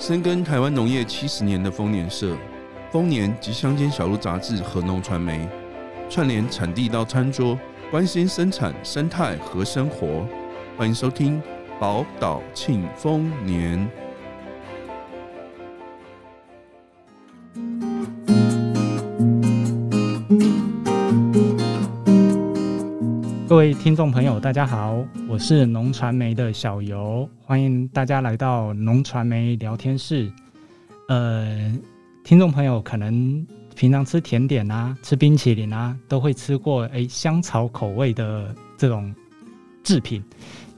深耕台灣農業七十年的豐年社、豐年及鄉間小路雜誌和農傳媒，串聯產地到餐桌，關心生產、生態和生活。歡迎收聽寶島慶豐年。各位聽眾朋友，大家好，我是農傳媒的小游，歡迎大家來到農傳媒聊天室。呃，聽眾朋友可能平常吃甜點啊，吃冰淇淋啊，都會吃過誒、欸、香草口味的這種製品，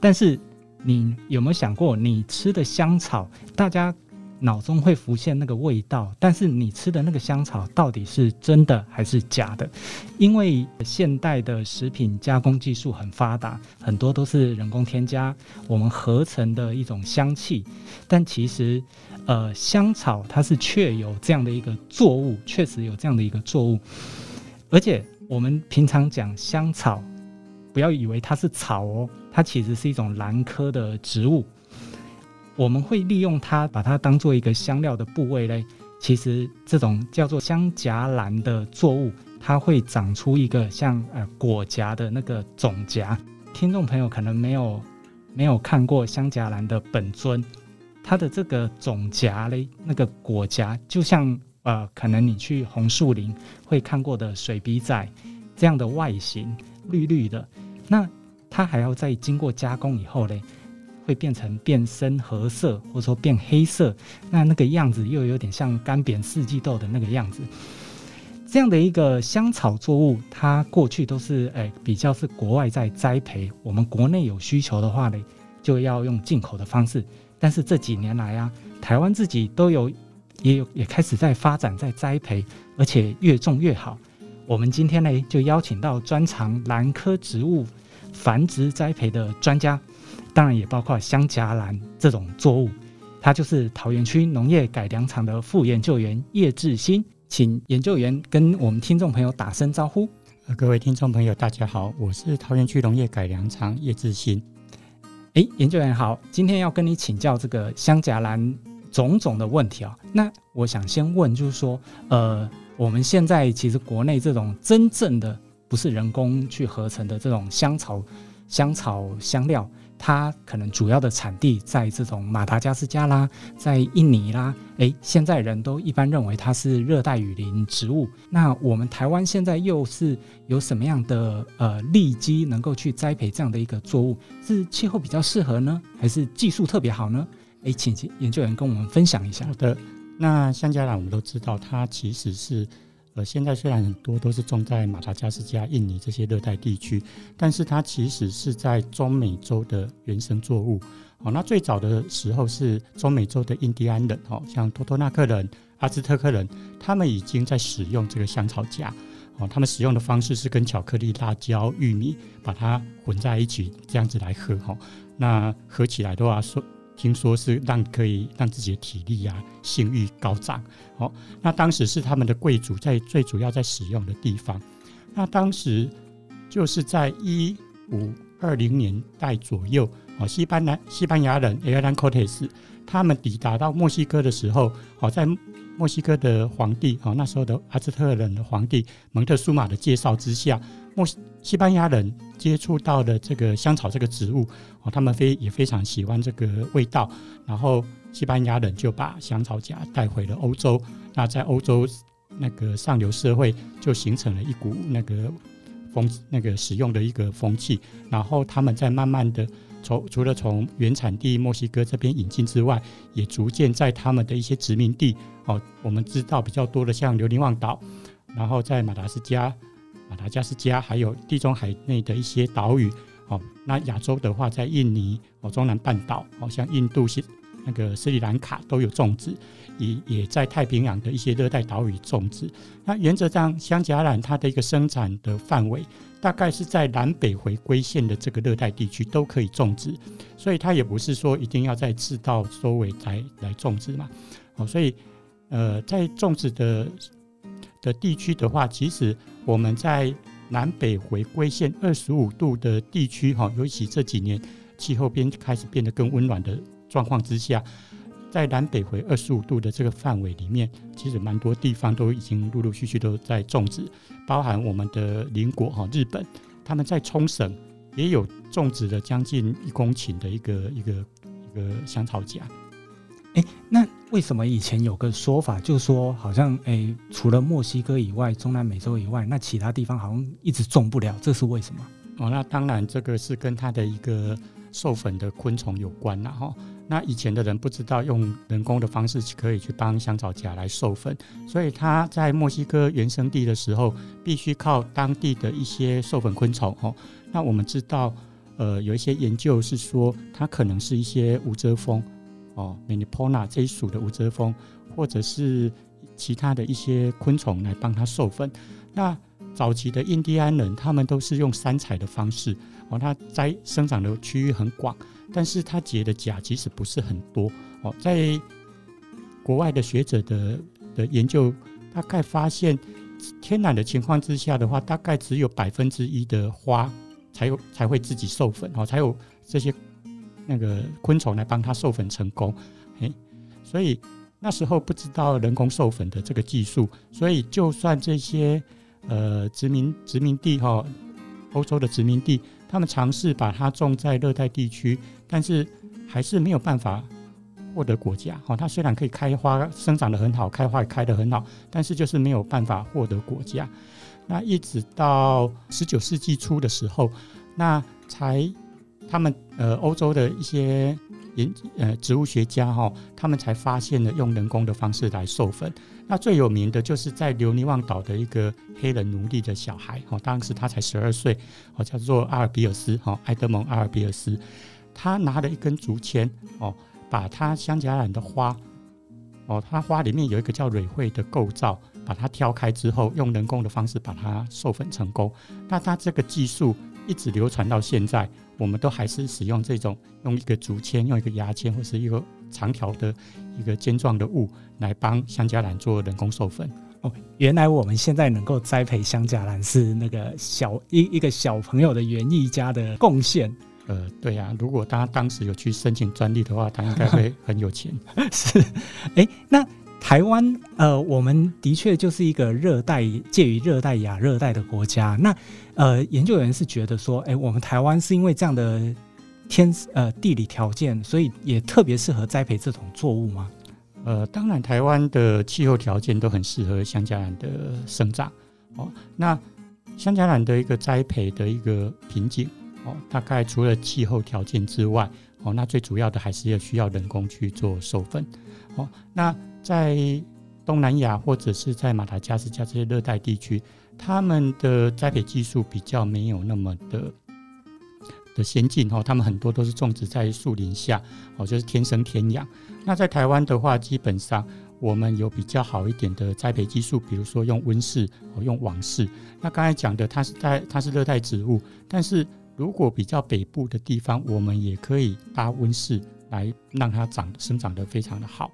但是你有沒有想過，你吃的香草，大家？腦中會浮現那個味道，但是你吃的那個香草到底是真的還是假的？因為現代的食品加工技術很發達，很多都是人工添加，我們合成的一種香氣。但其實，呃，香草它是確有這樣的一個作物，確實有這樣的一個作物。而且我們平常講香草，不要以為它是草哦，它其實是一種蘭科的植物。我們會利用它，把它當做一個香料的部位嘞。其實這種叫做香莢蘭的作物，它會長出一個像呃果莢的那個種莢。聽眾朋友可能沒有沒有看過香莢蘭的本尊，它的這個種莢嘞，那個果莢就像呃，可能你去紅樹林會看過的水筆仔這樣的外形，綠綠的。那它還要再經過加工以後嘞，會變成變深褐色，或者說變黑色，那那個樣子又有點像乾扁四季豆的那個樣子。這樣的一個香草作物，它過去都是誒、哎、比較是國外在栽培，我們國內有需求的話呢，就要用進口的方式。但是這幾年來啊，台灣自己都有，也有也開始在發展在栽培，而且越種越好。我們今天呢，就邀請到專長蘭科植物繁殖栽培的專家。當然也包括香莢蘭這種作物，它就是桃園區農業改良場的副研究員葉志新。請研究員跟我們聽眾朋友打聲招呼。呃、各位聽眾朋友，大家好，我是桃園區農業改良場葉志新。哎，研究員好，今天要跟你請教這個香莢蘭種種的問題啊、哦。那我想先問，就是說，呃，我們現在其實國內這種真正的不是人工去合成的這種香草、香草香料。它可能主要的產地在這種馬達加斯加啦，在印尼啦，誒、欸，現在人都一般認為它是熱帶雨林植物。那我們台灣現在又是有什麼樣的呃利基能夠去栽培這樣的一個作物？是氣候比較適合呢，還是技術特別好呢？誒、欸，請請研究員跟我們分享一下。好的，那香莢蘭，我們都知道它其實是。呃，現在雖然很多都是種在馬達加斯加、印尼這些熱帶地區，但是它其實是在中美洲的原生作物。哦，那最早的時候是中美洲的印第安人，哦，像托托納克人、阿茲特克人，他們已經在使用這個香草莢。哦，他們使用的方式是跟巧克力、辣椒、玉米把它混在一起，這樣子來喝。哈、哦，那喝起來的話說。聽說是讓可以讓自己的體力啊，性欲高漲。好，那當時是他們的貴族在最主要在使用的地方。那當時就是在一五二零年代左右，哦，西班牙西班牙人埃爾南科特斯他們抵達到墨西哥的時候，哦，在墨西哥的皇帝，哦，那時候的阿茲特人的皇帝蒙特蘇馬的介紹之下。墨西，西班牙人接觸到的這個香草這個植物哦，他們非也非常喜歡這個味道，然後西班牙人就把香草莢帶回了歐洲。那在歐洲那個上流社會就形成了一股那個風，那個使用的一個風氣。然後他們在慢慢的從除了從原產地墨西哥這邊引進之外，也逐漸在他們的一些殖民地哦，我們知道比較多的像留尼旺島，然後在馬達加斯加。馬達、啊、加斯加，還有地中海內的一些島嶼、哦，那亞洲的話，在印尼哦，中南半島，好、哦、像印度西那個斯里蘭卡都有種植，也也在太平洋的一些熱帶島嶼種植。那原則上，香莢蘭它的一個生產的範圍，大概是在南北回歸線的這個熱帶地區都可以種植，所以它也不是說一定要在赤道周圍來來種植嘛。哦，所以呃，在種植的的地區的話，其實。我們在南北回歸線二十五度的地區，哈，尤其這幾年氣候變開始變得更溫暖的狀況之下，在南北回二十五度的這個範圍裡面，其實蠻多地方都已經陸陸續續都在種植，包含我們的鄰國哈日本，他們在沖繩也有種植了將近一公頃的一個一個一個香草莢。哎、欸，那為什麼以前有個說法，就是說好像哎、欸，除了墨西哥以外，中南美洲以外，那其他地方好像一直種不了，這是為什麼？哦，那當然，這個是跟它的一個授粉的昆蟲有關啦，然、哦、後，那以前的人不知道用人工的方式去可以去幫香草莢來授粉，所以它在墨西哥原生地的時候，必須靠當地的一些授粉昆蟲。哦，那我們知道，呃，有一些研究是說，它可能是一些無螫蜂。哦，Melipona 這一屬的無螫蜂，或者是其他的一些昆蟲來幫它授粉。那早期的印第安人，他們都是用山採的方式哦。它栽生長的區域很廣，但是它結的莢其實不是很多哦。在國外的學者的的研究，大概發現，天然的情況之下的話，大概只有百分之一的花才有才會自己授粉哦，才有這些。那個昆蟲來幫它授粉成功，誒，所以那時候不知道人工授粉的這個技術，所以就算這些呃殖民、殖民地哈，歐洲的殖民地，他們嘗試把它種在熱帶地區，但是還是沒有辦法獲得果莢。哈，它雖然可以開花生長得很好，開花也開得很好，但是就是沒有辦法獲得果莢。那一直到十九世紀初的時候，那才。他們呃，歐洲的一些研呃植物學家哈，他們才發現了用人工的方式來授粉。那最有名的就是在留尼旺島的一個黑人奴隸的小孩哈，當時他才十二歲，哦，叫做阿爾比爾斯哈，埃德蒙阿爾比爾斯，他拿了一根竹籤哦，把它香莢蘭的花哦，它花裡面有一個叫蕊喙的構造，把它挑開之後，用人工的方式把它授粉成功。那他這個技術。一直流傳到現在，我們都還是使用這種用一個竹籤、用一個牙籤或是一個長條的一個尖狀的物來幫香莢蘭做人工授粉。哦，原來我們現在能夠栽培香莢蘭是那個小一一個小朋友的園藝家的貢獻。呃，對呀、啊，如果他當時有去申請專利的話，他應該會很有錢。 是，哎、欸，那。台灣，呃，我們的確就是一個熱帶介於熱帶亞熱帶的國家。那，呃，研究員是覺得說，哎、欸，我們台灣是因為這樣的天，呃，地理條件，所以也特別適合栽培這種作物嗎？呃，當然，台灣的氣候條件都很適合香莢蘭的生長。哦，那香莢蘭的一個栽培的一個瓶頸，哦，大概除了氣候條件之外，哦，那最主要的還是要需要人工去做授粉。哦，那在東南亞或者是在馬達加斯加這些熱帶地區，他們的栽培技術比較沒有那麼的的先進哦。他們很多都是種植在樹林下，哦，就是天生天養。那在台灣的話，基本上我們有比較好一點的栽培技術，比如說用溫室哦，用網室。那剛才講的，它是在它是熱帶植物，但是如果比較北部的地方，我們也可以搭溫室。來讓它長生長得非常的好，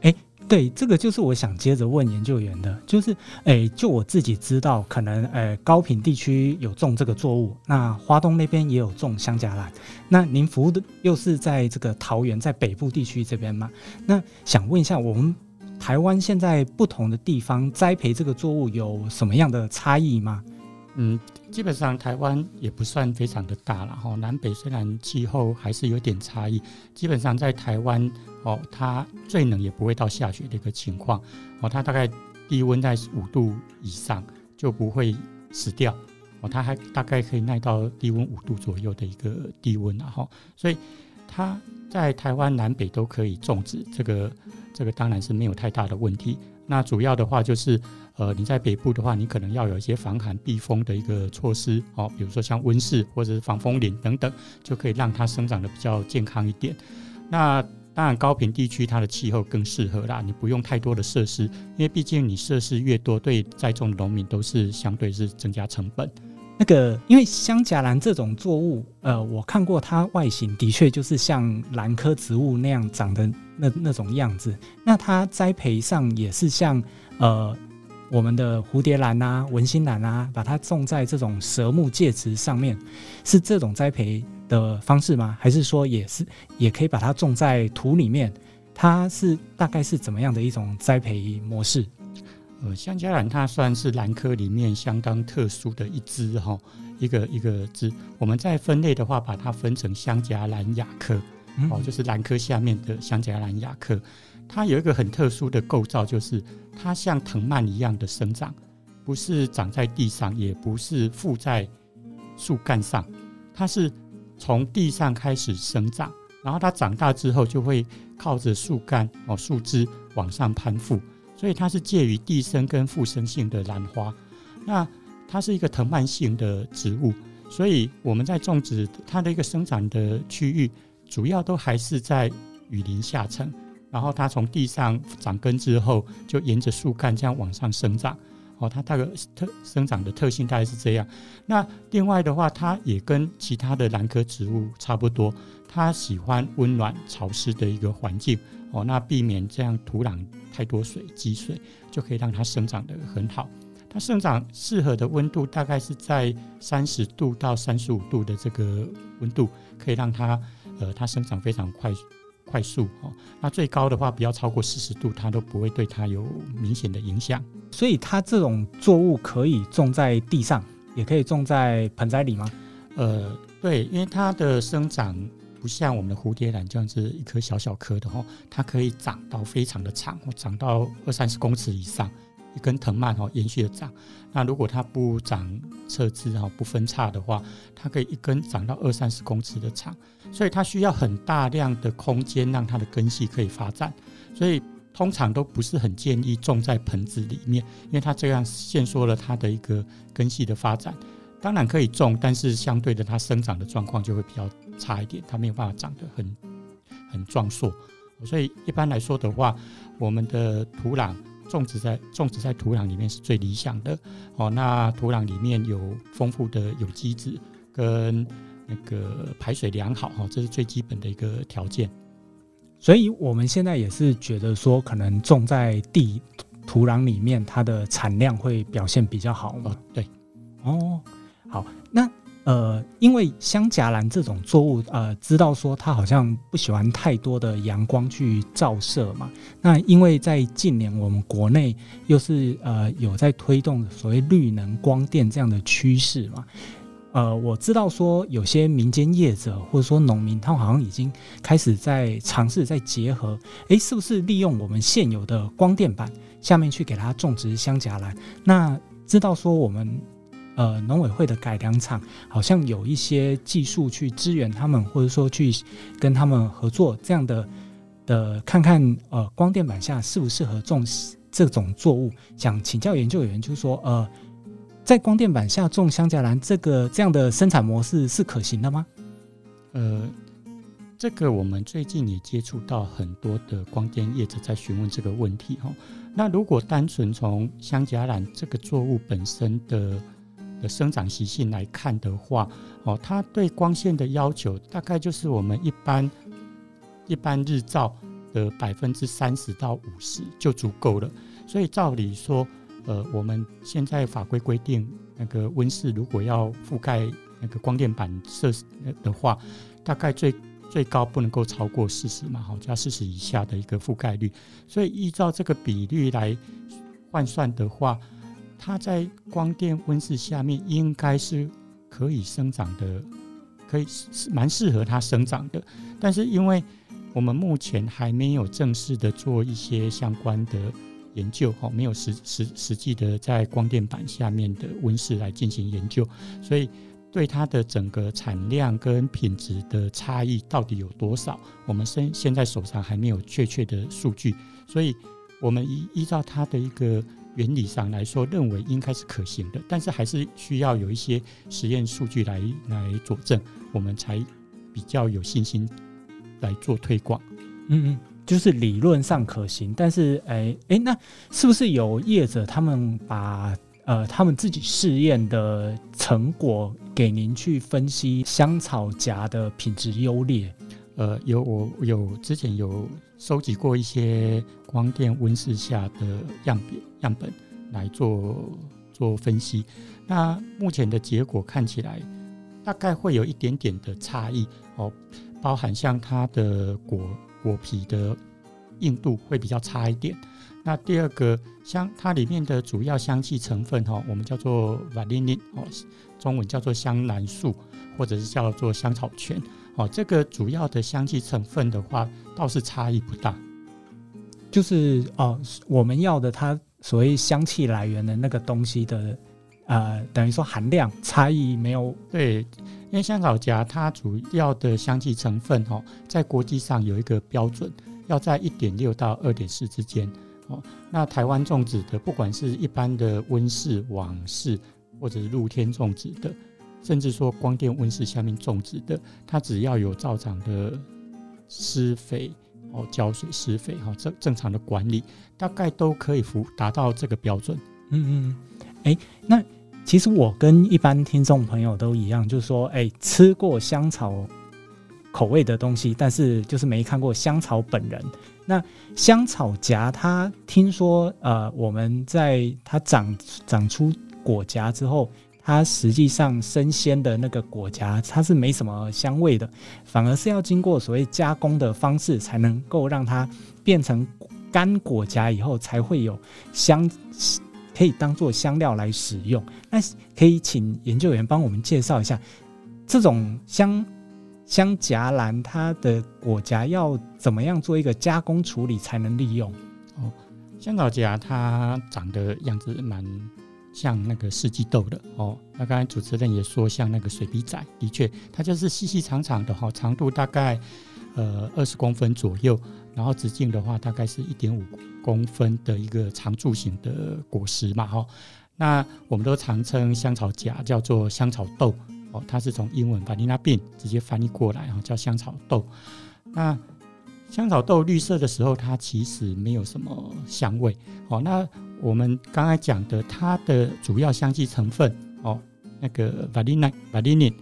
哎，對，這個就是我想接着問研究員的，就是，哎，就我自己知道，可能，呃，高屏地區有種這個作物，那花東那邊也有種香莢蘭，那您服務的又是在這個桃園，在北部地區這邊嗎？那想問一下，我們台灣現在不同的地方栽培這個作物有什麼樣的差異嗎？嗯，基本上台灣也不算非常的大了哈、哦。南北雖然氣候還是有點差異，基本上在台灣哦，它最冷也不會到下雪的一個情況哦，它大概低溫在五度以上就不會死掉哦，它還大概可以耐到低溫五度左右的一個低溫然後，所以它在台灣南北都可以種植，這個這個當然是沒有太大的問題。那主要的話就是。呃，你在北部的話，你可能要有一些防寒、避風的一個措施，哦。比如說像溫室或者是防風林等等，就可以讓它生長得比較健康一點。那當然，高屏地區它的氣候更適合啦，你不用太多的設施，因為畢竟你設施越多，對栽種的農民都是相對是增加成本。那個，因為香莢蘭這種作物，呃，我看過它外形，的確就是像蘭科植物那樣長的那那種樣子。那它栽培上也是像呃。我們的蝴蝶蘭啊，文心蘭啊，把它種在這種蛇木介質上面，是這種栽培的方式嗎？還是說也是也可以把它種在土裡面？它是大概是怎麼樣的一種栽培模式？呃，香莢蘭它算是蘭科裡面相當特殊的一支。哈，一個一個支。我們在分類的話，把它分成香莢蘭亞科，嗯、哦，就是蘭科下面的香莢蘭亞科。它有一個很特殊的構造，就是它像藤蔓一樣的生長，不是長在地上，也不是附在樹幹上，它是從地上開始生長，然後它長大之後就會靠着樹幹或樹枝往上攀附，所以它是介於地生跟附生性的蘭花。那它是一個藤蔓性的植物，所以我們在種植它的一個生長的區域，主要都還是在雨林下層。然後它從地上長根之後，就沿着樹幹這樣往上生長。哦，它大概特生長的特性大概是這樣。那另外的話，它也跟其他的蘭科植物差不多，它喜歡溫暖潮濕的一個環境。哦，那避免這樣土壤太多水積水，就可以讓它生長得很好。它生長適合的溫度大概是在三十度到三十五度的這個溫度，可以讓它呃，它生長非常快速。快速哦，那最高的話不要超過四十度，它都不會對它有明顯的影響。所以它這種作物可以種在地上，也可以種在盆栽裡嗎？呃，對，因為它的生長不像我們的蝴蝶蘭這樣子，就是、一顆小小顆的哈，它可以長到非常的長，長到二三十公尺以上。一根藤蔓哦，延續的長。那如果它不長側枝哈，不分叉的話，它可以一根長到二三十公尺的長。所以它需要很大量的空間，讓它的根系可以發展。所以通常都不是很建議種在盆子裡面，因為它這樣限縮了它的一個根系的發展。當然可以種，但是相對的，它生長的狀況就會比較差一點，它沒有辦法長得很很壯碩。所以一般來說的話，我們的土壤。種植在，種植在土壤裡面是最理想的哦。那土壤裡面有豐富的有機質跟那個排水良好哈、哦，這是最基本的一個條件。所以我們現在也是覺得說，可能種在地土壤裡面，它的產量會表現比較好嘛、哦？對，哦，好，那。呃，因為香莢蘭這種作物，呃，知道說它好像不喜歡太多的陽光去照射嘛。那因為在近年，我們國內又是呃有在推動所謂綠能光電這樣的趨勢嘛。呃，我知道說有些民間業者或者說農民，他們好像已經開始在嘗試在結合，誒，是不是利用我們現有的光電板下面去給它種植香莢蘭？那知道說我們。呃，農委會的改良場好像有一些技術去支援他們，或者說去跟他們合作，這樣的，呃，看看呃，光電板下適不適合種這種作物？想請教研究員，就是說，呃，在光電板下種香莢蘭這個這樣的生產模式是可行的嗎？呃，這個我們最近也接觸到很多的光電業者在詢問這個問題哈、哦。那如果單純從香莢蘭這個作物本身的。的生長習性來看的話，哦，它對光線的要求大概就是我們一般一般日照的百分之三十到五十就足夠了。所以照理說，呃，我們現在法規規定，那個溫室如果要覆蓋那個光電板設的話，大概最最高不能夠超過四十嘛，好，加四十以下的一個覆蓋率。所以依照這個比率來換算的話。它在光電溫室下面應該是可以生長的，可以是是蠻適合它生長的。但是因為我們目前還沒有正式的做一些相關的研究，哦，沒有實實實際的在光電板下面的溫室來進行研究，所以對它的整個產量跟品質的差異到底有多少，我們現現在手上還沒有確切的數據。所以我們依依照它的一個。原理上來說，認為應該是可行的，但是還是需要有一些實驗數據來來佐證，我們才比較有信心來做推廣。嗯，就是理論上可行，但是哎誒、欸欸，那是不是有業者他們把呃他們自己試驗的成果給您去分析香草莢的品質優劣？呃，有，我有之前有。收集過一些光電溫室下的樣本，樣本來做做分析。那目前的結果看起來，大概會有一點點的差異。哦，包含像它的果果皮的硬度會比較差一點。那第二個香，像它裡面的主要香氣成分哈、哦，我們叫做 vanillin 哦，中文叫做香蘭素，或者是叫做香草醛。哦，這個主要的香氣成分的話，倒是差異不大。就是哦，我們要的它所謂香氣來源的那個東西的，呃，等於說含量差異沒有。對，因為香草莢它主要的香氣成分哦，在國際上有一個標準，要在一點六到二點四之間哦。那台灣種植的，不管是一般的溫室、網室或者是露天種植的。甚至說，光電溫室下面種植的，它只要有照常的施肥哦，澆水、施肥哈，正正常的管理，大概都可以符達到這個標準。嗯嗯，哎、欸，那其實我跟一般聽眾朋友都一樣，就是說，哎、欸，吃過香草口味的東西，但是就是沒看過香草本人。那香草莢，它聽說，呃，我們在它長長出果莢之後。它實際上生鮮的那個果莢，它是沒什麼香味的，反而是要經過所謂加工的方式，才能夠讓它變成乾果莢以後，才會有香，可以當做香料來使用。那可以請研究員幫我們介紹一下，這種香香莢蘭它的果莢要怎麼樣做一個加工處理才能利用？哦，香草莢它長得樣子蠻。像那個四季豆的哦，那剛才主持人也說像那個水筆仔，的確，它就是細細長長的哈，長度大概呃二十公分左右，然後直徑的話大概是一點五公分的一個長柱形的果實嘛哈、哦。那我們都常稱香草莢叫做香草豆哦，它是從英文把你那 i 直接翻譯過來啊、哦，叫香草豆。那香草豆綠色的時候，它其實沒有什麼香味哦。那我們剛才講的，它的主要香氣成分哦，那個 vanillin, vanillin,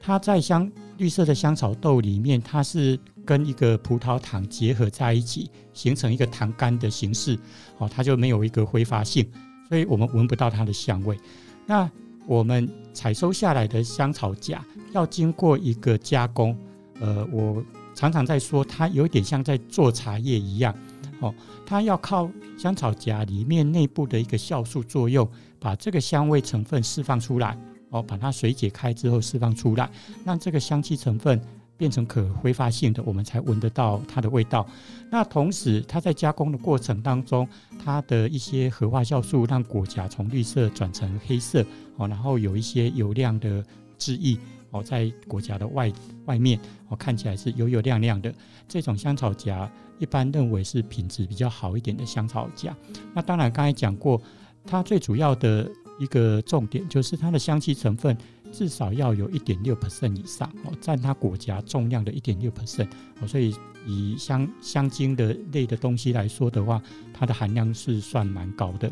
它在香綠色的香草豆裡面，它是跟一個葡萄糖結合在一起，形成一個糖苷的形式，哦，它就沒有一個揮發性，所以我們聞不到它的香味。那我們採收下來的香草莢要經過一個加工，呃，我常常在說，它有點像在做茶葉一樣。哦，它要靠香草莢裡面內部的一個酵素作用，把這個香味成分釋放出來，哦，把它水解開之後釋放出來，讓這個香氣成分變成可揮發性的，我們才聞得到它的味道。那同時，它在加工的過程當中，它的一些褐化酵素讓果莢從綠色轉成黑色，哦，然後有一些油亮的汁液，哦，在果莢的外外面，哦，看起來是油油亮亮的，這種香草莢。一般認為是品質比較好一點的香草莢。那當然，剛才講過，它最主要的一個重點就是它的香氣成分至少要有一點六 percent 以上哦，佔它果莢重量的一點六 percent。所以以香香精的類的東西來說的話，它的含量是算蠻高的。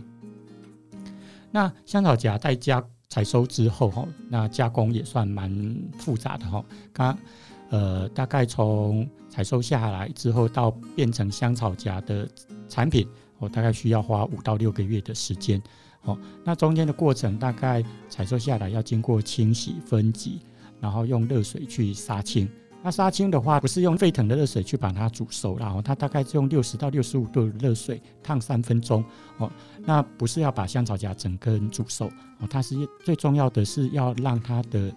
那香草莢在加採收之後哈，那加工也算蠻複雜的哈。剛剛呃，大概從採收下來之後到變成香草莢的產品，大概需要花五到六個月的時間。哦，那中間的過程大概採收下來要經過清洗、分級，然後用熱水去殺青。那殺青的話，不是用沸騰的熱水去把它煮熟，然後它大概用六十到六十五度的熱水燙三分鐘。哦，那不是要把香草莢整根煮熟，哦，它是最重要的是要讓它的。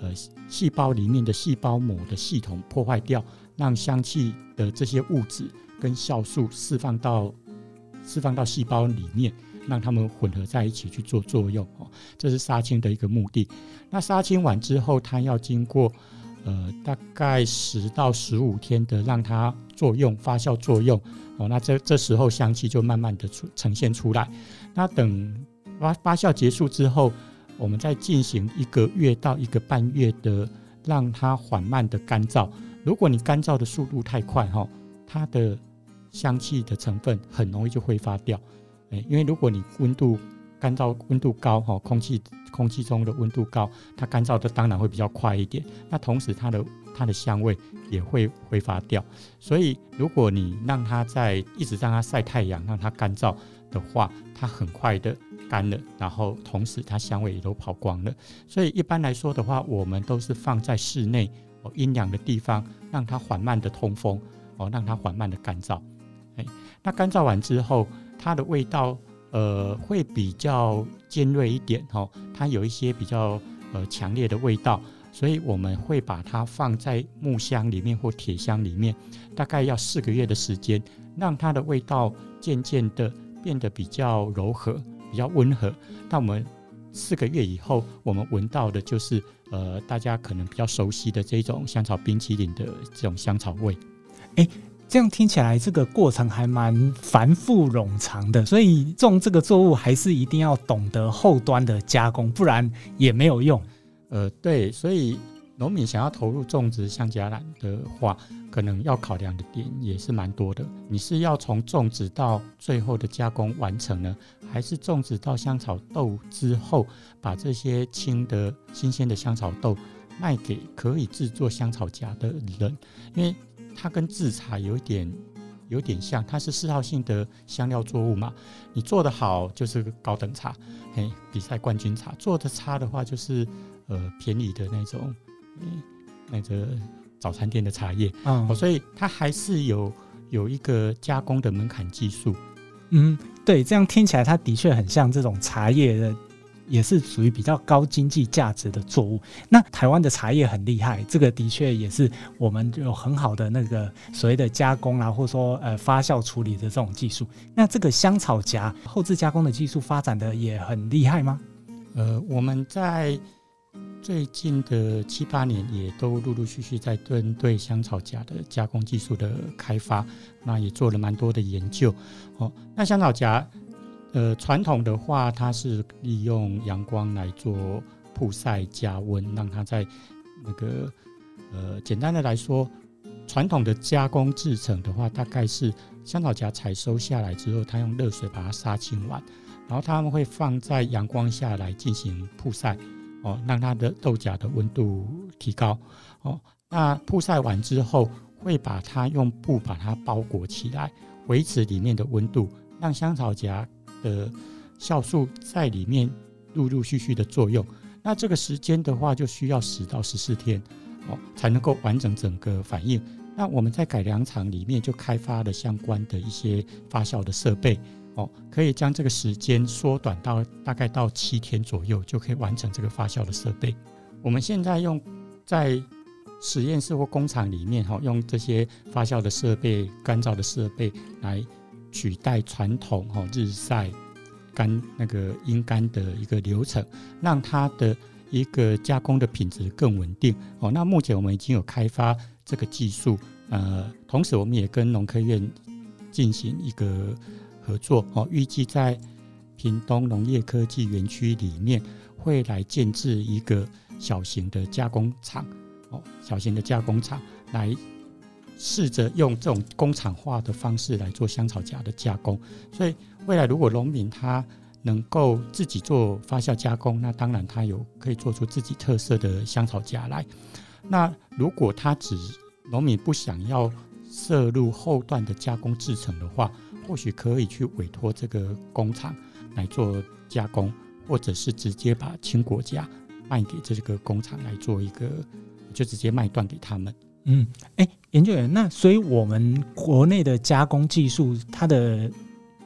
呃，細胞裡面的細胞膜的系統破壞掉，讓香氣的這些物質跟酵素釋放到釋放到細胞裡面，讓它們混合在一起去做作用哦，這是殺青的一個目的。那殺青完之後，它要經過呃大概十到十五天的讓它作用發酵作用哦，那這這時候香氣就慢慢的出呈現出來。那等發發酵結束之後，我們在進行一個月到一個半月的，讓它緩慢的乾燥。如果你乾燥的速度太快哈，它的香氣的成分很容易就揮發掉。哎，因為如果你溫度乾燥溫度高哈，空氣空氣中的溫度高，它乾燥的當然會比較快一點。那同時它的它的香味也會揮發掉。所以如果你讓它在一直讓它曬太陽，讓它乾燥。的話，它很快的乾了，然後同時它香味也都跑光了，所以一般來說的話，我們都是放在室內、哦、陰涼的地方，讓它緩慢的通風哦，讓它緩慢的乾燥。哎，那乾燥完之後，它的味道呃會比較尖銳一點哦，它有一些比較呃強烈的味道，所以我們會把它放在木箱裡面或鐵箱裡面，大概要四個月的時間，讓它的味道漸漸的。變得比較柔和，比較溫和。那我們四個月以後，我們聞到的就是呃，大家可能比較熟悉的這種香草冰淇淋的這種香草味。誒、欸，這樣聽起來，這個過程還蠻繁複冗長的。所以種這個作物還是一定要懂得後端的加工，不然也沒有用。呃，對，所以。農民想要投入種植香莢蘭的話，可能要考量的點也是蠻多的。你是要從種植到最後的加工完成呢，還是種植到香草豆之後，把這些青的新鮮的香草豆賣給可以制作香草莢的人？因為它跟制茶有點有點像，它是嗜好性的香料作物嘛。你做得好就是高等茶，哎，比賽冠軍茶；做得差的話就是呃便宜的那種。嗯、那個早餐店的茶葉嗯、哦，所以它還是有有一個加工的門檻技術。嗯，對，這樣聽起來，它的確很像這種茶葉的，也是屬於比較高經濟價值的作物。那台灣的茶葉很厲害，這個的確也是我們有很好的那個所謂的加工啊，或者說呃發酵處理的這種技術。那這個香草莢後製加工的技術發展的也很厲害嗎？呃，我們在。最近的七八年，也都陸陸續續在針對香草莢的加工技術的開發，那也做了蠻多的研究。哦，那香草莢，呃，傳統的話，它是利用陽光來做曝曬加溫，讓它在那個，呃，簡單的來說，傳統的加工製程的話，大概是香草莢採收下來之後，它用熱水把它殺青完，然後它們會放在陽光下來進行曝曬。哦，讓它的豆莢的溫度提高。哦，那曝曬完之後，會把它用布把它包裹起來，維持裡面的溫度，讓香草莢的酵素在裡面陸陸續續的作用。那這個時間的話，就需要十到十四天，哦，才能夠完成整個反應。那我們在改良場裡面就開發了相關的一些發酵的設備。哦，可以將這個時間縮短到大概到七天左右，就可以完成這個發酵的設備。我們現在用在實驗室或工廠裡面，哈，用這些發酵的設備、乾燥的設備來取代傳統哈日曬乾那個陰乾的一個流程，讓它的一個加工的品質更穩定。哦，那目前我們已經有開發這個技術，呃，同時我們也跟農科院進行一個。合作哦，預計在屏東農業科技園區裡面會來建置一個小型的加工廠哦，小型的加工廠來試着用這種工廠化的方式來做香草莢的加工。所以未來如果農民他能夠自己做發酵加工，那當然他有可以做出自己特色的香草莢來。那如果他只農民不想要涉入後段的加工製程的話。或許可以去委托這個工廠來做加工，或者是直接把青果莢賣給這個工廠來做一個，就直接賣斷給他們。嗯，哎、欸，研究員，那所以我們國內的加工技術，它的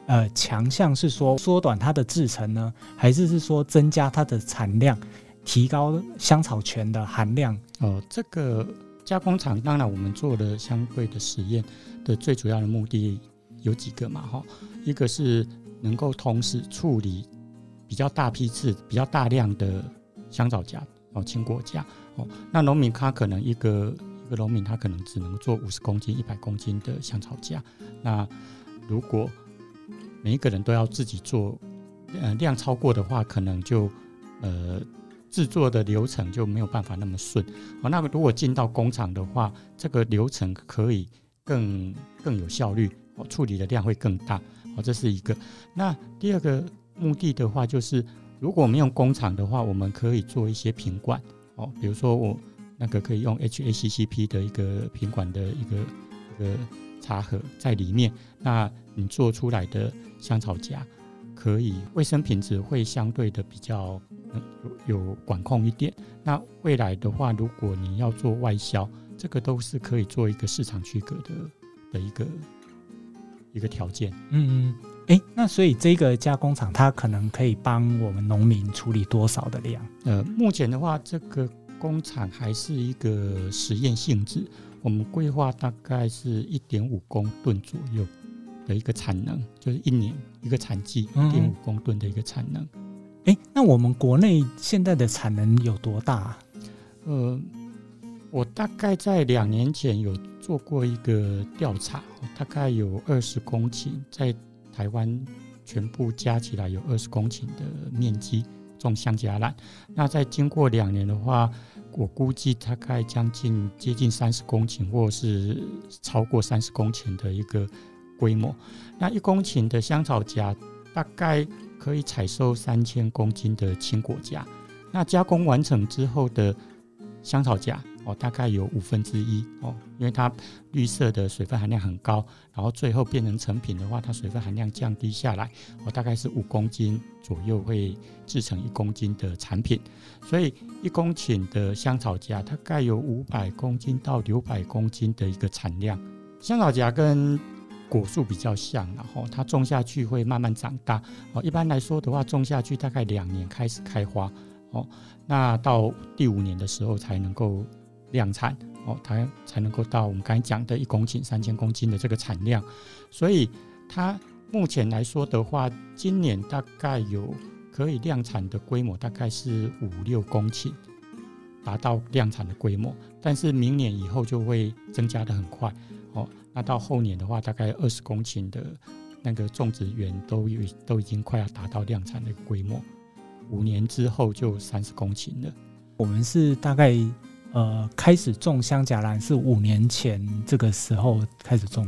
呃強項是說縮短它的製程呢，還是是說增加它的產量，提高香草醛的含量？哦、呃，這個加工廠，當然我們做了相對的實驗的最主要的目的。有幾個嘛？哈，一個是能夠同時處理比較大批次、比較大量的香草莢哦，青果莢哦。那農民他可能一個一個農民他可能只能做五十公斤、一百公斤的香草莢。那如果每一個人都要自己做，呃，量超過的話，可能就呃製作的流程就沒有辦法那麼順哦。那麼如果進到工廠的話，這個流程可以更更有效率。哦，處理的量會更大。哦，這是一個。那第二個目的的話，就是如果我們用工廠的話，我們可以做一些品管。哦，比如說我那個可以用 HACCP 的一個品管的一個一個茶盒在裡面，那你做出來的香草莢可以衛生品質會相對的比較有、嗯、有管控一點。那未來的話，如果你要做外銷，這個都是可以做一個市場區隔的的一個一個條件，嗯嗯，誒、欸，那所以這個加工廠它可能可以幫我們農民處理多少的量？呃，目前的話，這個工廠還是一個實驗性質，我們規劃大概是一點五公噸左右的一個產能，就是一年一個產季一點五公噸的一個產能。誒、嗯嗯、欸，那我們國內現在的產能有多大啊？呃，我大概在兩年前有。做過一個調查，大概有二十公頃，在台灣全部加起來有二十公頃的面積種香莢蘭。那在經過兩年的話，我估計大概將近接近三十公頃，或是超過三十公頃的一個規模。那一公頃的香草莢大概可以採收三千公斤的青果莢。那加工完成之後的香草莢。哦，大概有五分之一哦，5, 因為它綠色的水分含量很高，然後最後變成成品的話，它水分含量降低下來，哦，大概是五公斤左右會製成一公斤的產品，所以一公頃的香草莢大概有五百公斤到六百公斤的一個產量。香草莢跟果樹比較像，然後它種下去會慢慢長大，哦，一般來說的話，種下去大概兩年開始開花，哦，那到第五年的時候才能夠。量產哦，它才能夠到我們剛才講的一公頃三千公斤的這個產量，所以它目前來說的話，今年大概有可以量產的規模，大概是五六公頃達到量產的規模。但是明年以後就會增加得很快哦。那到後年的話，大概二十公頃的那個種植園都有都已經快要達到量產的規模。五年之後就三十公頃了。我們是大概。呃，開始種香莢蘭是五年前這個時候開始種，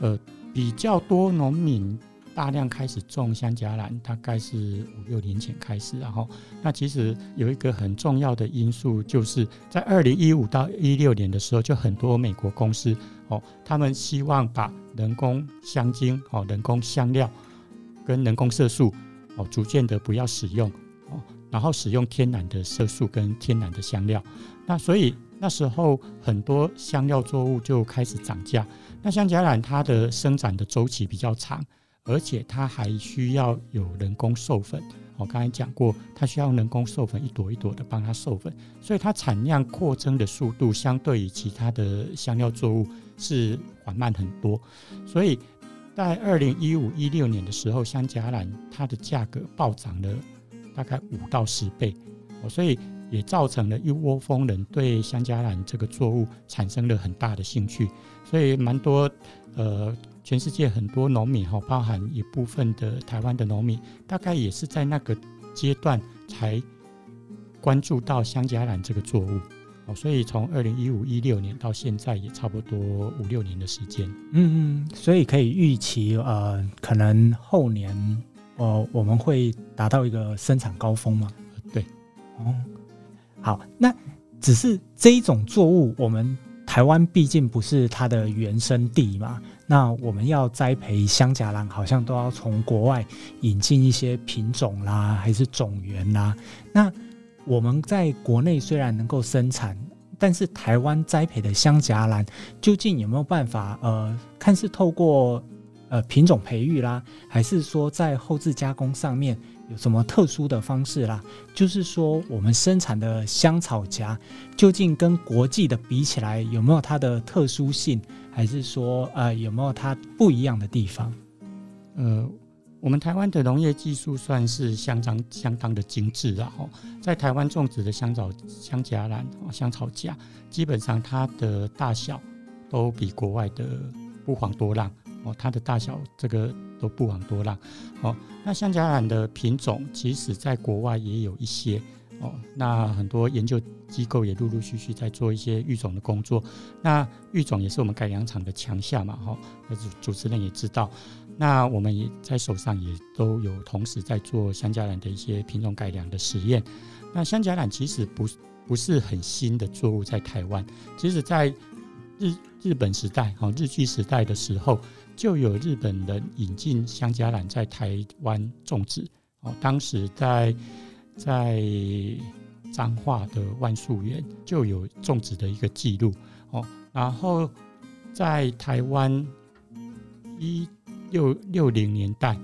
呃，比較多農民大量開始種香莢蘭，大概是五六年前開始啊，哦。然後，那其實有一個很重要的因素，就是在二零一五到一六年的時候，就很多美國公司哦，他們希望把人工香精哦、人工香料跟人工色素哦，逐漸的不要使用哦，然後使用天然的色素跟天然的香料。那所以那時候很多香料作物就開始漲價。那香莢蘭它的生長的周期比較長，而且它還需要有人工授粉。我、哦、剛才講過，它需要人工授粉，一朵一朵的幫它授粉，所以它產量擴增的速度相對於其他的香料作物是緩慢很多。所以在二零一五一六年的時候，香莢蘭它的價格暴漲了大概五到十倍、哦。所以。也造成了一窩蜂，蜂人對香莢蘭這個作物產生了很大的興趣，所以蠻多呃，全世界很多農民哈，包含一部分的台灣的農民，大概也是在那個階段才關注到香莢蘭這個作物哦。所以從二零一五一六年到現在也差不多五六年的時間。嗯嗯，所以可以預期呃，可能後年哦、呃，我們會達到一個生產高峰嘛、呃？對，哦、嗯。好，那只是這一種作物，我們台灣畢竟不是它的原生地嘛。那我們要栽培香莢蘭，好像都要從國外引進一些品種啦，還是種源啦。那我們在國內雖然能夠生產，但是台灣栽培的香莢蘭究竟有沒有辦法？呃，看是透過呃品種培育啦，還是說在後製加工上面？有什麼特殊的方式啦？就是說，我們生產的香草莢究竟跟國際的比起來，有沒有它的特殊性？還是說，呃，有沒有它不一樣的地方？呃，我們台灣的農業技術算是相當相當的精致的吼，哦，在台灣種植的香草香莢蘭啊香草莢，基本上它的大小都比國外的不遑多讓。哦，它的大小這個都不遑多讓。哦，那香莢蘭的品種，其實，在國外也有一些。哦，那很多研究機構也陸陸續續在做一些育種的工作。那育種也是我們改良場的強項嘛。哈、哦，那主主持人也知道。那我們也在手上也都有同時在做香莢蘭的一些品種改良的實驗。那香莢蘭其實不不是很新的作物，在台灣，其實，在日日本時代，哈、哦，日據時代的時候。就有日本人引進香莢蘭在台灣種植，哦，當時在在彰化的萬樹園就有種植的一個記錄，哦，然後在台灣一九六零年代，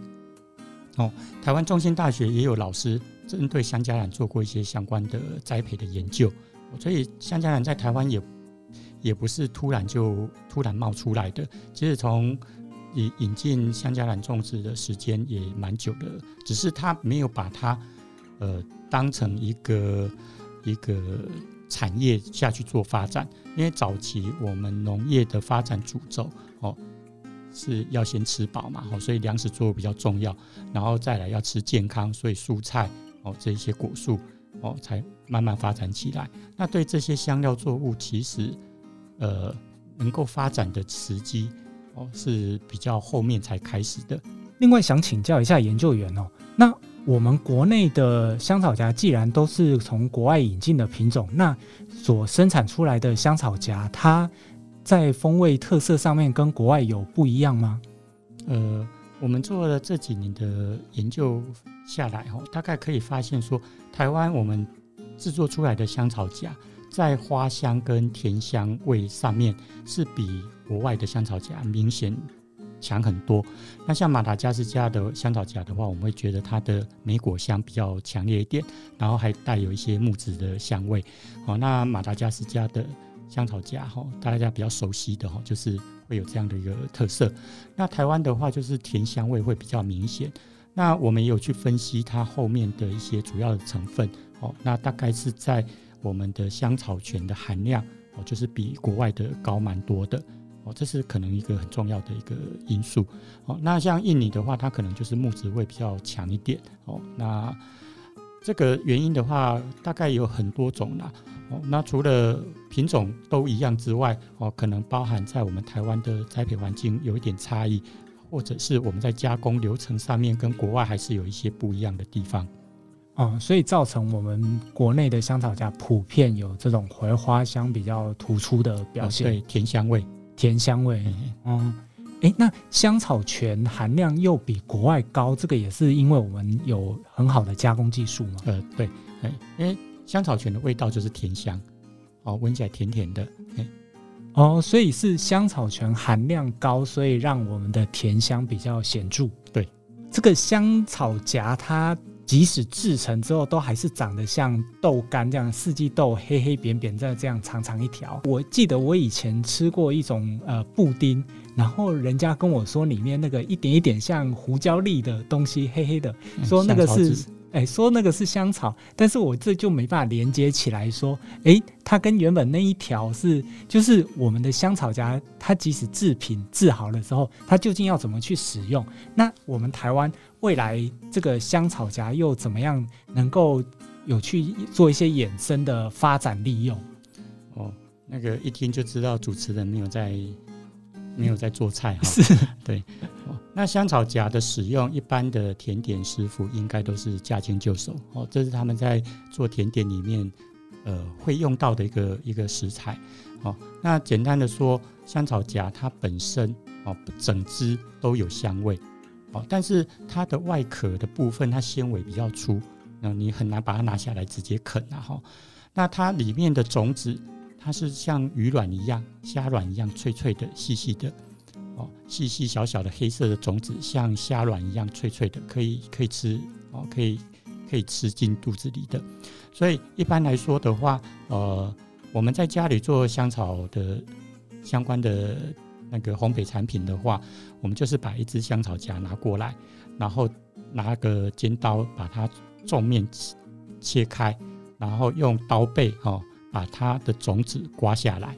哦，台灣中興大學也有老師針對香莢蘭做過一些相關的栽培的研究，哦，所以香莢蘭在台灣也也不是突然就突然冒出來的。其實從引引進香莢蘭種植的時間也蠻久的，只是他沒有把它呃當成一個一個產業下去做發展。因為早期我們農業的發展主軸哦是要先吃飽嘛，哦，所以糧食作物比較重要，然後再來要吃健康，所以蔬菜哦這一些果樹哦才慢慢發展起來。那對這些香料作物，其實呃能夠發展的時機，哦，是比較後面才開始的。另外，想請教一下研究員哦，那我們國內的香草莢既然都是從國外引進的品種，那所生產出來的香草莢，它在風味特色上面跟國外有不一樣嗎？呃，我們做了這幾年的研究下來哦，大概可以發現說，台灣我們製作出來的香草莢，在花香跟甜香味，上面是比。國外的香草莢明顯強很多，那像馬達加斯加的香草莢的話，我們會覺得它的莓果香比較強烈一點，然後還帶有一些木質的香味。哦，那馬達加斯加的香草莢哈，大家比較熟悉的哈，就是會有這樣的一個特色。那台灣的話，就是甜香味會比較明顯。那我們也有去分析它後面的一些主要的成分，哦，那大概是在我們的香草醛的含量哦，就是比國外的高蠻多的。這是可能一個很重要的一個因素哦。那像印尼的話，它可能就是木質味比較強一點哦。那這個原因的話，大概有很多種啦。哦，那除了品種都一樣之外，哦，可能包含在我們台灣的栽培環境有一點差異，或者是我們在加工流程上面跟國外還是有一些不一樣的地方啊、哦，所以造成我們國內的香草莢普遍有這種槐花香比較突出的表現，哦、對甜香味。甜香味，嗯，哎、嗯欸，那香草醛含量又比國外高，這個也是因為我們有很好的加工技術嘛。呃，對，哎、欸，因香草醛的味道就是甜香，哦，聞起來甜甜的，哎、欸，哦，所以是香草醛含量高，所以讓我們的甜香比較顯著。對，這個香草莢它。即使製成之後，都還是長得像豆乾這樣，四季豆黑黑扁扁，再這樣長長一條。我記得我以前吃過一種呃布丁，然後人家跟我說裡面那個一點一點像胡椒粒的東西，黑黑的，說那個是。誒，說那個是香草，但是我這就沒辦法連接起來說，誒，它跟原本那一條是，就是我們的香草莢，它即使制品制好了之後，它究竟要怎麼去使用？那我們台灣未來這個香草莢又怎麼樣能夠有去做一些衍生的發展利用？哦，那個一聽就知道主持人沒有在沒有在做菜哈，是對。那香草莢的使用，一般的甜點師傅應該都是駕輕就熟哦。這是他們在做甜點裡面呃會用到的一個一個食材哦。那簡單的說，香草莢它本身哦整枝都有香味哦，但是它的外殼的部分，它纖維比較粗，那你很難把它拿下來直接啃啊哈。那它裡面的種子。它是像魚卵一樣、蝦卵一樣脆脆的、細細的，哦，細細小小的黑色的種子，像蝦卵一樣脆脆的，可以可以吃，哦，可以可以吃進肚子裡的。所以一般來說的話，呃，我們在家裡做香草的相關的那個烘焙產品的話，我們就是把一只香草莢拿過來，然後拿個尖刀把它縱面切切開，然後用刀背，哈、哦。把它的種子刮下來，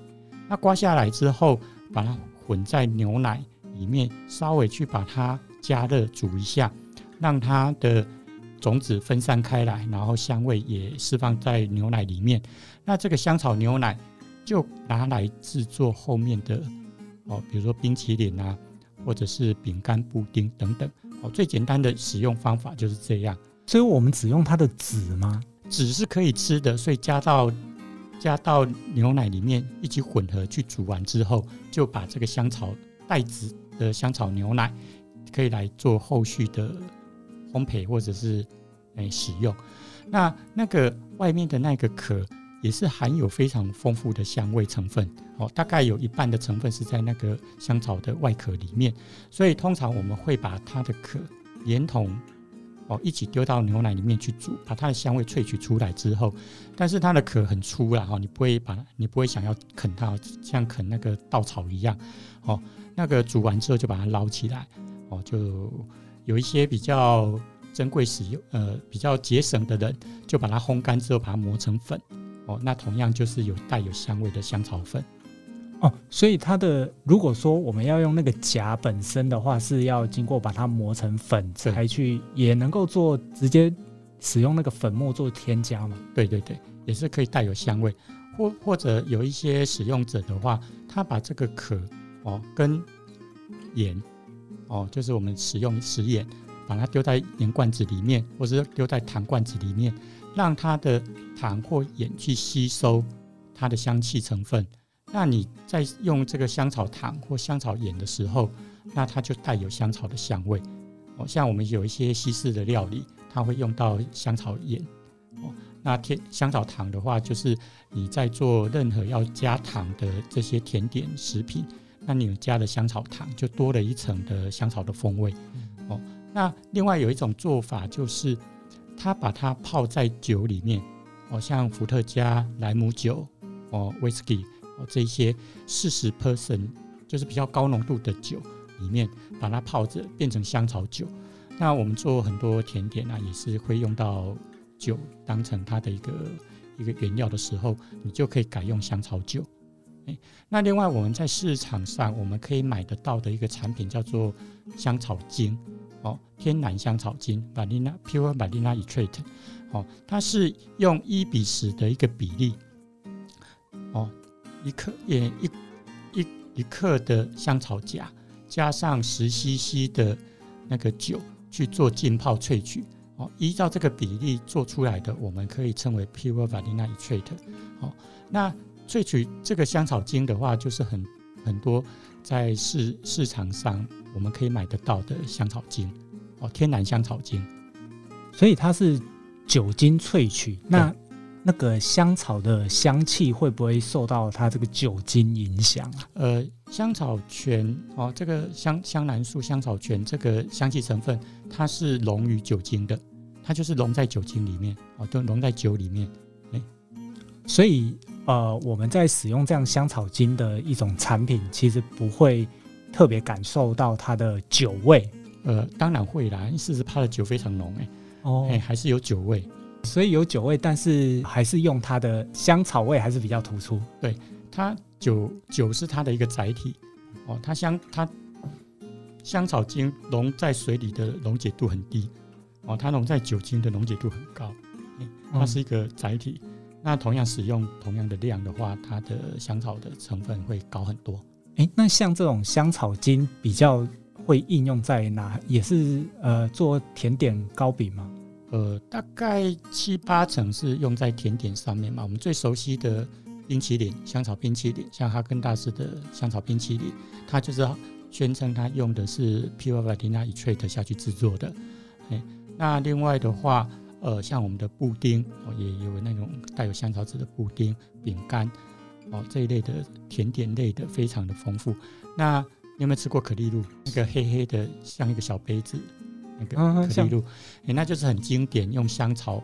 那刮下來之後，把它混在牛奶裡面，稍微去把它加熱煮一下，讓它的種子分散開來，然後香味也釋放在牛奶裡面。那這個香草牛奶就拿來製作後面的哦，比如說冰淇淋啊，或者是餅乾、布丁等等。哦，最簡單的使用方法就是這樣。所以我們只用它的籽嗎？籽是可以吃的，所以加到。加到牛奶裡面一起混合，去煮完之後，就把這個香草袋子的香草牛奶可以來做後續的烘焙或者是誒使用。那那個外面的那個殼也是含有非常豐富的香味成分，哦，大概有一半的成分是在那個香草的外殼裡面，所以通常我們會把它的殼連同。哦，一起丟到牛奶裡面去煮，把它的香味萃取出來之後，但是它的殼很粗啦，哈，你不會把它，你不會想要啃它，像啃那個稻草一樣。哦，那個煮完之後就把它撈起來，哦，就有一些比較珍貴使用，呃，比較節省的人就把它烘乾之後把它磨成粉，哦，那同樣就是有帶有香味的香草粉。哦，所以它的如果說我們要用那個莢本身的話，是要經過把它磨成粉才去，是也能夠做直接使用那個粉末做添加嘛？對對對，也是可以帶有香味，或或者有一些使用者的話，他把這個殼哦跟鹽哦，就是我們使用食鹽，把它丟在鹽罐子裡面，或是丟在糖罐子裡面，讓它的糖或鹽去吸收它的香氣成分。那你在用這個香草糖或香草鹽的時候，那它就帶有香草的香味。哦，像我們有一些西式的料理，它會用到香草鹽。哦，那甜香草糖的話，就是你在做任何要加糖的這些甜點食品，那你有加了香草糖就多了一層的香草的風味。哦、嗯，那另外有一種做法就是，它把它泡在酒裡面。哦，像伏特加、萊姆酒、哦威士忌。哦，這一些四十 percent 就是比較高濃度的酒裡面，把它泡着變成香草酒。那我們做很多甜點呢，啊，也是會用到酒當成它的一個一個原料的時候，你就可以改用香草酒。哎，那另外我們在市場上我們可以買得到的一個產品叫做香草精，哦，天然香草精 pure，e，馬麗娜 pure 馬麗娜 extract，哦，它是用一比十的一個比例，哦。一克，也一一一克的香草莢，加上十 CC 的，那個酒去做浸泡萃取哦，依照這個比例做出來的，我們可以稱為 pure vanilla extract 哦，那萃取這個香草精的話，就是很很多在市市場上我們可以買得到的香草精哦，天然香草精，所以它是酒精萃取對那。那個香草的香氣會不會受到它這個酒精影響啊？呃，香草醛哦，這個香香蘭素香草醛這個香氣成分，它是溶於酒精的，它就是溶在酒精裡面哦，都溶在酒裡面，欸、所以呃，我們在使用這樣香草精的一種產品，其實不會特別感受到它的酒味，呃，當然會啦，事實它的酒非常濃哎、欸，哦，哎、欸，還是有酒味。所以有酒味，但是還是用它的香草味還是比較突出。對，它酒，酒是它的一個載體哦，它香它香草精溶在水裡的溶解度很低哦，它溶在酒精的溶解度很高，欸、它是一個載體。嗯、那同樣使用同樣的量的話，它的香草的成分會高很多。哎、欸，那像這種香草精比較會應用在哪？也是呃做甜點糕餅嗎？呃，大概七八成是用在甜點上面嘛。我們最熟悉的冰淇淋，香草冰淇淋，像哈根達斯的香草冰淇淋，它就是宣稱它用的是 pure vanilla extract 下去製作的。哎、欸，那另外的話，呃，像我們的布丁哦，也有那種帶有香草籽的布丁，餅乾哦，這一類的甜點類的，非常的豐富。那你有沒有吃過可麗露？那個黑黑的，像一個小杯子。嗯，可麗露，像，哎、欸，那就是很經典，用香草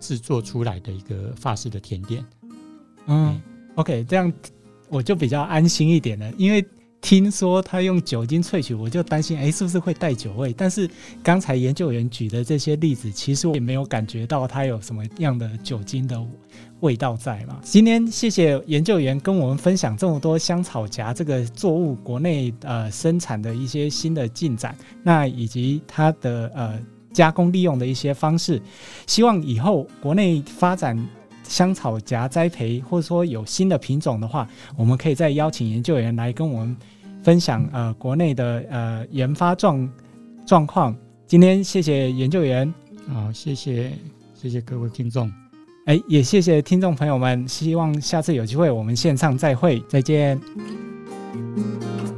製作出來的一個法式的甜點。嗯、欸、，OK，這樣我就比較安心一點了，因為。聽說他用酒精萃取，我就擔心，誒，是不是會帶酒味？但是剛才研究員舉的這些例子，其實我也沒有感覺到它有什麼樣的酒精的味道在嘛。今天謝謝研究員跟我們分享這麼多香草莢這個作物國內呃生產的一些新的進展，那以及它的呃加工利用的一些方式。希望以後國內發展。香草莢栽培，或者說有新的品種的話，我們可以再邀請研究員來跟我們分享。呃，國內的呃研發狀狀況。今天謝謝研究員，好、哦，謝謝謝謝各位聽眾，哎，也謝謝聽眾朋友們。希望下次有機會我們線上再會，再見。嗯